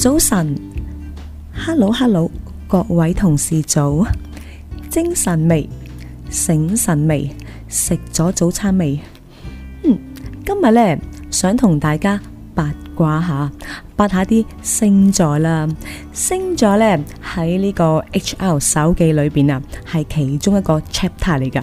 早晨，hello hello，各位同事早，精神未？醒神未？食咗早餐未？嗯，今日呢，想同大家八卦下，八下啲星座啦。星座呢，喺呢個 H L 手記裏邊啊，係其中一個 chapter 嚟噶，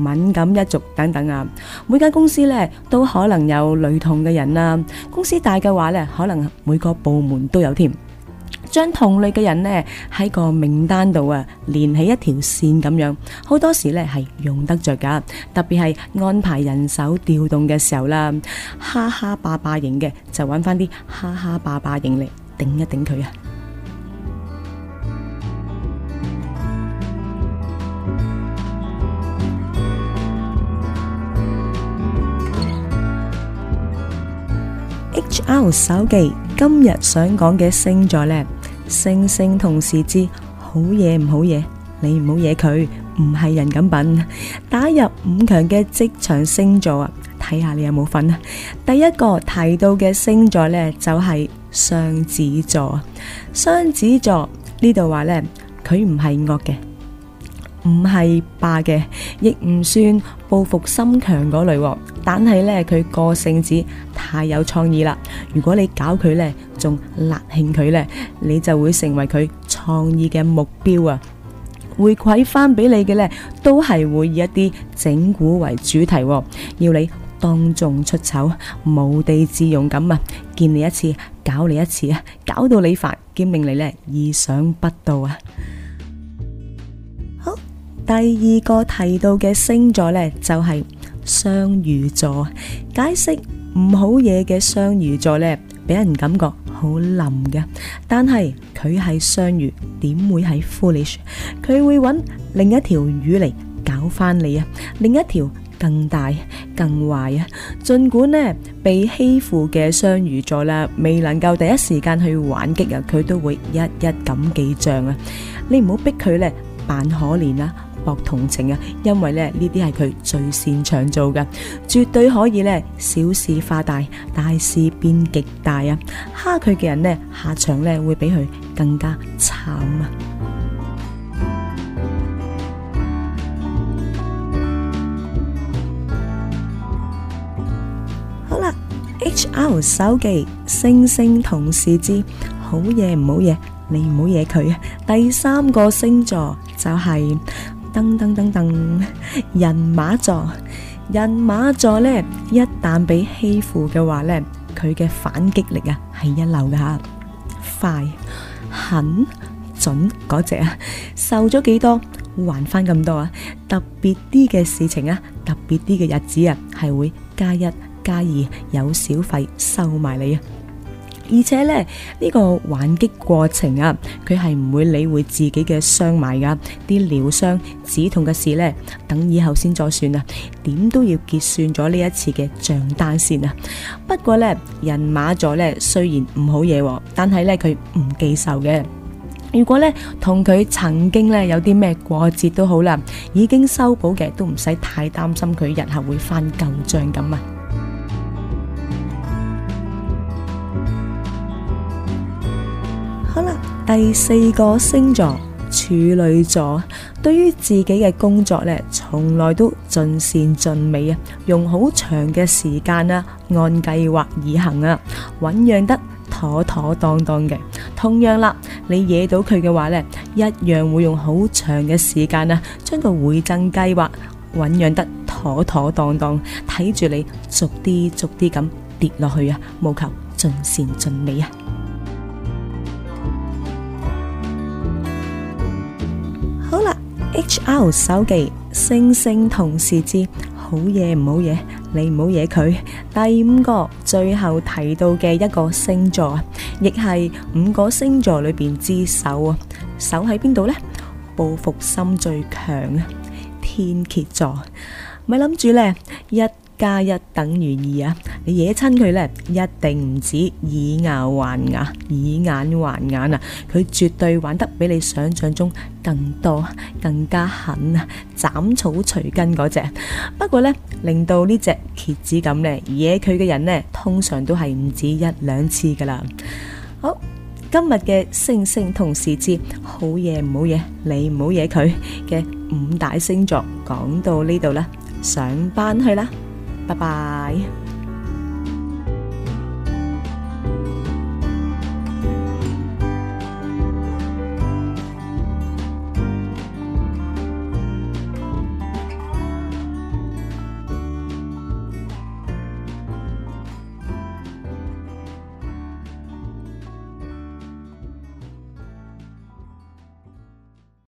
敏感一族等等啊，每間公司咧都可能有雷同嘅人啦、啊。公司大嘅話咧，可能每個部門都有添、啊。將同類嘅人呢，喺個名單度啊，連起一條線咁樣，好多時咧係用得着噶。特別係安排人手調動嘅時候啦，哈哈霸霸型嘅就揾翻啲哈哈霸霸型嚟頂一頂佢啊！阿、oh, 手機今日想講嘅星座呢，星星同事之好嘢唔好惹，你唔好惹佢，唔係人咁品。打入五強嘅職場星座啊，睇下你有冇份啊！第一個提到嘅星座呢，就係、是、雙子座。雙子座呢度話呢，佢唔係惡嘅。唔係霸嘅，亦唔算報復心強嗰類，但係呢，佢個性子太有創意啦。如果你搞佢呢，仲辣興佢呢，你就會成為佢創意嘅目標啊！回饋返俾你嘅呢，都係會以一啲整蠱為主題，要你當眾出醜，無地自容咁啊！見你一次，搞你一次啊，搞到你煩，兼令你呢，意想不到啊！第二個提到嘅星座呢，就係、是、雙魚座。解釋唔好嘢嘅雙魚座呢，俾人感覺好冧嘅。但係佢係雙魚，點會係 foolish？佢會揾另一條魚嚟搞翻你啊！另一條更大、更壞啊！盡管呢，被欺負嘅雙魚座啦，未能夠第一時間去還擊啊，佢都會一一咁記賬啊！你唔好逼佢呢扮可憐啦、啊。博同情啊，因為咧呢啲係佢最擅長做嘅，絕對可以咧小事化大，大事變極大啊！蝦佢嘅人呢，下場咧會比佢更加慘啊！ 好啦，HR 手記，星星同事之：「好嘢唔好嘢，你唔好惹佢啊。第三個星座就係。噔噔噔噔，人馬座，人馬座咧，一旦被欺負嘅話咧，佢嘅反擊力啊係一流噶吓，快、狠、準嗰隻啊，受咗幾多還翻咁多啊，特別啲嘅事情啊，特別啲嘅日子啊，係會加一加二，有小費收埋你啊！而且呢，呢、呢個還擊過程啊，佢係唔會理會自己嘅傷埋噶，啲療傷止痛嘅事呢，等以後先再算啊。點都要結算咗呢一次嘅賬單先啊。不過呢，人馬座呢，雖然唔好惹，但係呢，佢唔記仇嘅。如果呢，同佢曾經呢，有啲咩過節都好啦，已經修補嘅都唔使太擔心佢日後會翻舊賬咁啊。好啦，第四個星座處女座，對於自己嘅工作呢，從來都盡善盡美啊，用好長嘅時間啊，按計劃而行啊，醞釀得妥妥當當嘅。同樣啦，你惹到佢嘅話呢，一樣會用好長嘅時間啊，將個回贈計劃醞釀得妥妥當當，當，睇住你逐啲逐啲咁跌落去啊，務求盡善盡美啊。好啦，H R 手記，星星同事之好嘢唔好嘢，你唔好惹佢。第五個最後提到嘅一個星座亦係五個星座裏邊之首啊，首喺邊度呢？報復心最強啊，天蠍座咪諗住咧，一加一等於二啊。你惹親佢呢，一定唔止以牙還牙，以眼還眼啊！佢絕對玩得比你想象中更多，更加狠啊！斬草除根嗰隻。不過呢，令到隻呢隻蠍子咁呢，惹佢嘅人呢，通常都係唔止一兩次噶啦。好，今日嘅星星同事之， 好嘢唔好惹，你唔好惹佢嘅五大星座，講到呢度啦，上班去啦，拜拜。